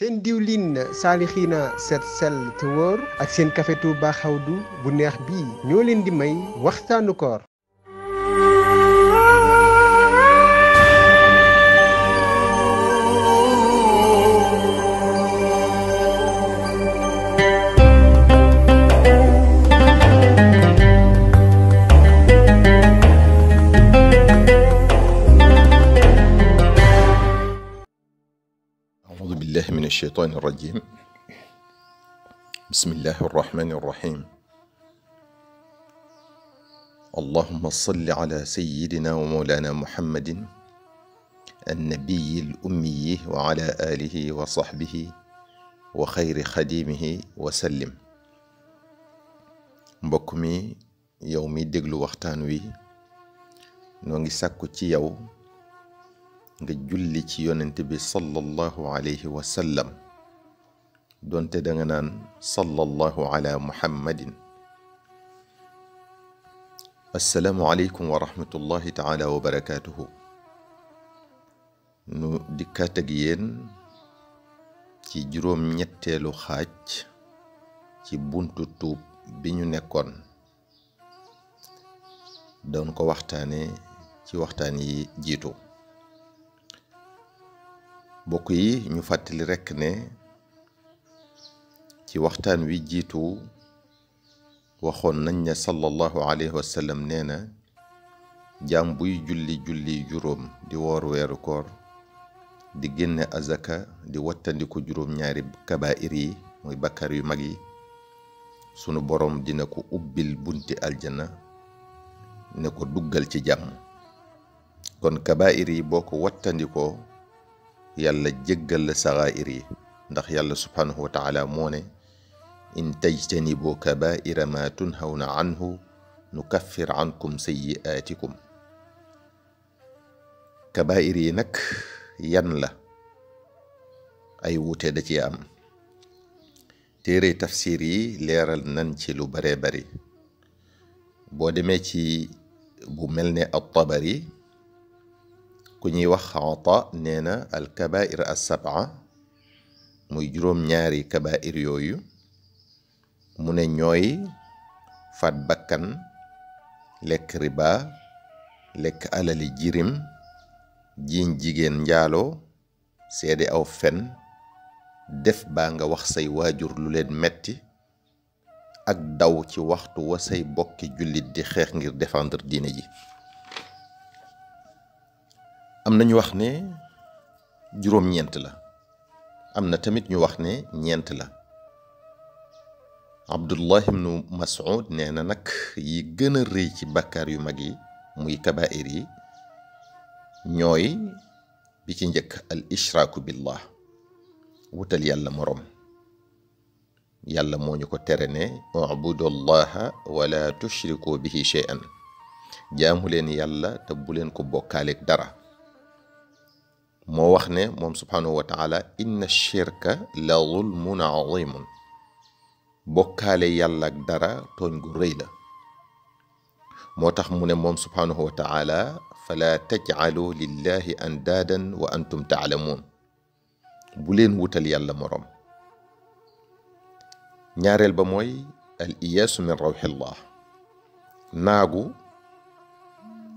seen diwlin saalixiina set sell te wóor ak seen café Touba xawdu bu neex bii ñoo leen di may waxtaanu koor الشيطان الرجيم بسم الله الرحمن الرحيم اللهم صل على سيدنا ومولانا محمد النبي الأمي وعلى آله وصحبه وخير خديمه وسلم بكمي يومي دقل وقتانوي déglu ساكو wi nga julli ci yonent bi sallallahu alayhi wa sallam donte da naan sallallahu ala muhammadin assalaamu aleykum wa rahmatullahi taala wa nu dikkaat ak yéen ci juróom ñetteelu xaaj ci buntu tuub bi ñu nekkoon doon ko waxtaane ci waxtaan yi jiitu mbokk yi ñu fatali rek ne ci waxtaan wi jitu waxon nañ ne sallallahu alayhi wa sallam nee na buy julli julli jurom di wor wéru koor di génne azaka di wattandiku jurom ñaari kabaa'ir yi muy bakkar yu mag yi sunu borom dina ko ubbil bunti aljana ne ko duggal ci jam kon kabairi yi boo ko yàlla jéggal la saxaa'ir yi ndax yàlla subhaanahu wa taala moo ne in tajtanibu kabaira ma tunhawna anhu nukaffir ankum sayyi'aatikum kabaa'ir yi nag yan la ay wuute da ci am téere tafsir yi leeral nan ci lu bare bari boo demee ci bu mel ne at-Tabari ku ñuy wax ata nee na al kabair as muy juróom-ñaari kabair yooyu mu ne ñooy faat bakkan lekk riba lekk alali jirim jiiñ jigéen njaaloo seede aw fen def baa nga wax say waajur lu leen metti ak daw ci waxtu wa say bokki jullit di xeex ngir défendre diine ji amna ñu wax ne juroom ñent la amna tamit ñu wax ne ñent la Abdullah ibn Mas'ud nee na nag yi gëna a ci bakkar yu magi muy kaba'ir yi ñoy bi ci ñëk al ishraq billah wutal yàlla morom yàlla moo ñu ko tere ne ubudullah wa la tushriku bihi shay'an jaamu leen yàlla te bu leen ko bokkaaleeg dara moo wax ne moom subhanahu wa taala inna shirka la zulmun azimun bokkaale yàlla ak dara tooñ gu rëy la moo tax mu ne moom subhanahu wa taala fala tajcalu lillahi andaadan wa antum taalamuun bu leen wutal yàlla moroom ñaareel ba mooy al iyaasu min rawxillah naagu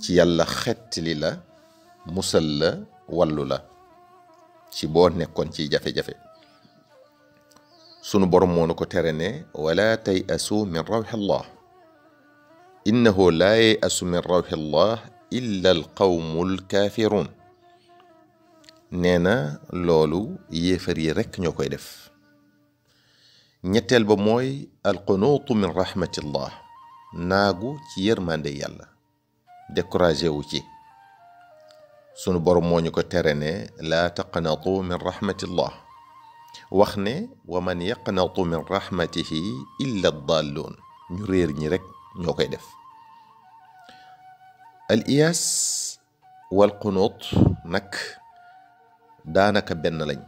ci yàlla xettili la musal la wallu la ci boo nekkoon ci jafe-jafe sunu borom moo ko tere ne wala tay asu min rawxi allah innahu laa yey asu min rawxi allah illa al qawmul kaafiruun na loolu yéefar yi rekk ñoo koy def ñetteel ba mooy alqunuutu min naagu ci yërmande yàlla découragé wu ci sunu borom moo ñu ko tere ne laa taqnatu min rahmatillah wax ne wa man yaqnatu min rahmatihi illa dalluun ñu réer ñi rek ñoo koy def al iyaas wal qunut nag daanaka benn lañ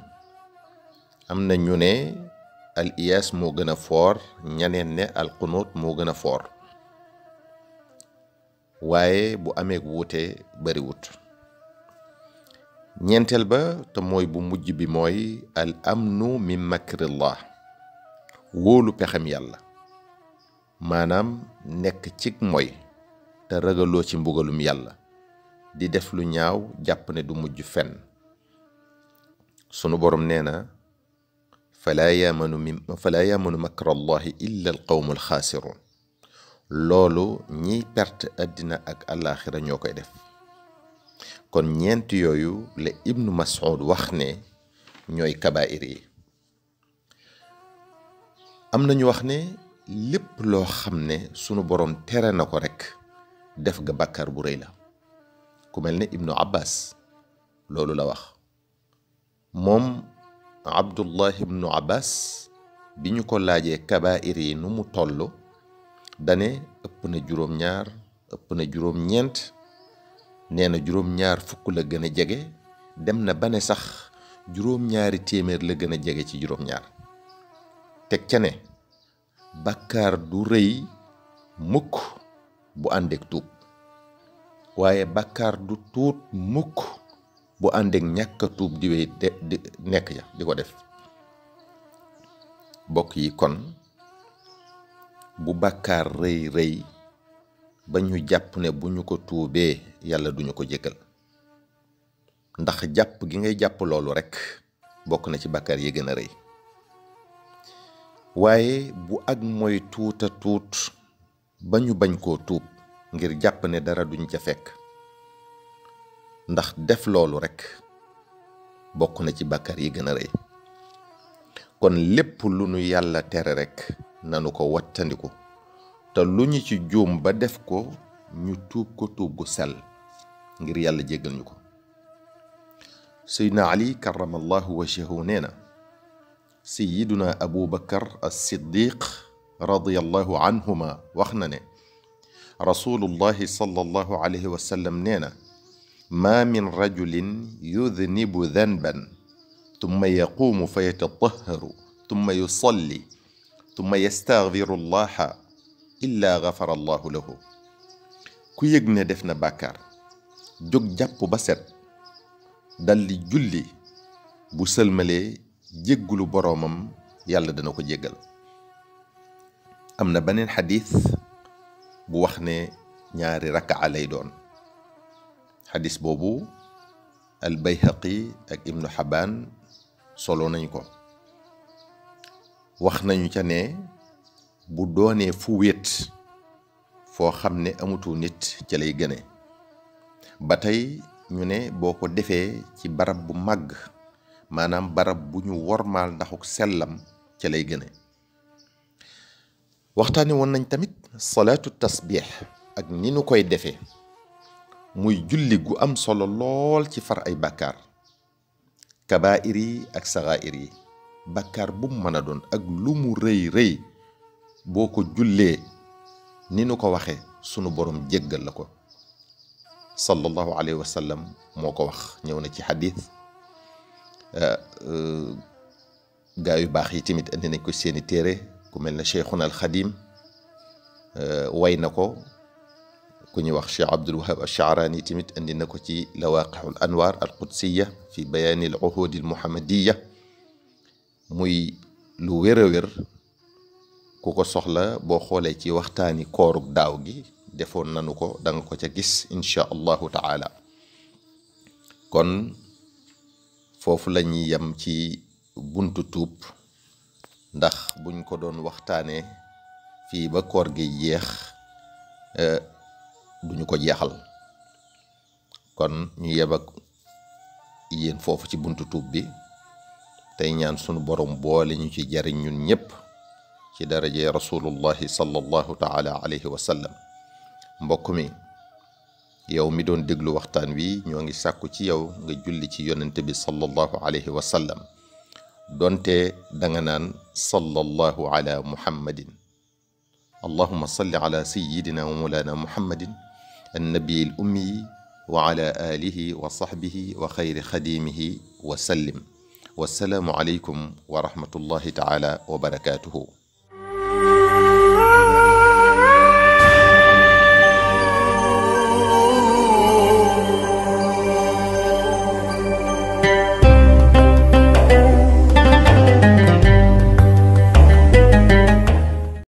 am na ñu ne al iyaas moo gën a foor ñaneen al qunut moo gën a foor waaye bu amee wuute bariwut ñeenteel ba te mooy bu mujj bi mooy al amnu min makrillah wóolu pexem yàlla maanaam nekk cig moy te ragaloo ci mbugalum yàlla di def lu ñaaw jàpp ne du mujj fenn sunu borom nee na falaa yaamanu min falaa yaamanu makrallahi illa al qawmu alxaasirun loolu ñiy perte àddina ak àllaaxira ñoo koy def kon ñeent yooyu la ibnu Mas'ud wax ne ñooy kabaa'ir yi am nañu wax ne lépp loo xam ne sunu boroom tere na ko rekk def ga bakkar bu rëy la ku mel ne ibnu Abbas loolu la wax moom Abdullah ibnu Abbas bi ñu ko laajee kabaa'ir yi nu mu toll dane ëpp na juróom-ñaar ëpp na juróom-ñeent neena na juróom-ñaar fukk la gën a jege dem na ba ne sax juróom-ñaari téeméer la gën a jege ci juróom-ñaar teg ca ne bàkkaar du rëy mukk bu àndeek tuub waaye bàkkaar du tuut mukk bu àndeek ñàkk a tuub di di nekk ja di ko def bokk yi kon bu bàkkaar rëy rëy ba ñu jàpp ne bu ñu ko tuubee yàlla duñu ko jéggal ndax jàpp gi ngay jàpp loolu rekk bokk na ci bàkkaar yi gën a rëy waaye bu ak mooy tuuta tuut ba ñu bañ koo tuub ngir jàpp ne dara duñ ca fekk ndax def loolu rekk bokk na ci bàkkaar yi gën a rëy kon lépp lu nu yàlla tere rekk nanu ko wattandiku te lu ñu ci juum ba def ko ñu tuub ko tuub gu sell ngir yàlla jéggal ñu ko seydna ali karamallahu wajhahu nee na seyiduna abu bakar alsiddiq radiallahu anhuma wax na ne rasulullahi sallallahu alayhi wa sallam nee na ما من رجل يذنب ذنبا ثم يقوم فيتطهر ثم يصلي ثم يستغفر الله illaa gafara allahu lahu ku yëg ne def na bàkkaar jóg jàpp ba set daldi julli bu sëlmalee jéggulu boroomam yàlla dana ko jéggal am na beneen xadis bu wax ne ñaari rakka lay doon xadis boobu al bayhaqi ak ibnu xabaan solo nañ ko wax nañu ca ne bu doonee fu wéet foo xam ne amatu nit ca lay gëne ba tey ñu ne boo ko defee ci barab bu màgg maanaam barab bu ñu wormaal ndaxuk sellam ca lay gëne waxtaane woon nañ tamit salaatu tasbiix ak ni nu koy defee muy julli gu am solo lool ci far ay bàkkaar kabaa'ir yi ak saxaa'ir yi bàkkaar bu mu mën a doon ak lu mu rëy rëy boko julle jullee ni nu ko waxee sunu borom jéggal lako sallallahu alayhi wa sallam moo wax ñewna ci hadith euh gaa yu bax yi timit andi nañ ko seeni téré ku melna cheikhuna al euh way nako ku ñu wax cheikh abdul wahab ash-sha'rani timit andi nako ci lawaqih al anwar al qudsiya fi bayan al uhud al muhammadiyya muy lu wéré wér kuko soxla bo xolé ci waxtani koruk daw gi defon nanu ko dang ko ca gis insha Allah taala kon fofu la yam ci buntu tup ndax buñ ko doon waxtane fi ba kor gi euh duñu ko jexal kon ñu yeb ak yéen ci buntu tup bi tay ñaan sunu borom boole ñu ci jariñ ñun ci daraje rasulullahi sallallahu taala alayhi wa sallam mbokk mi yow mi doon déglu waxtaan wi ñoo ngi sàkku ci yow nga julli ci yonente bi sallallahu alayhi wa sallam donte da nga naan sallallahu ala muhammadin اللهم صل على سيدنا ومولانا محمد النبي الأمي وعلى آله وصحبه وخير خديمه وسلم والسلام عليكم ورحمة الله تعالى وبركاته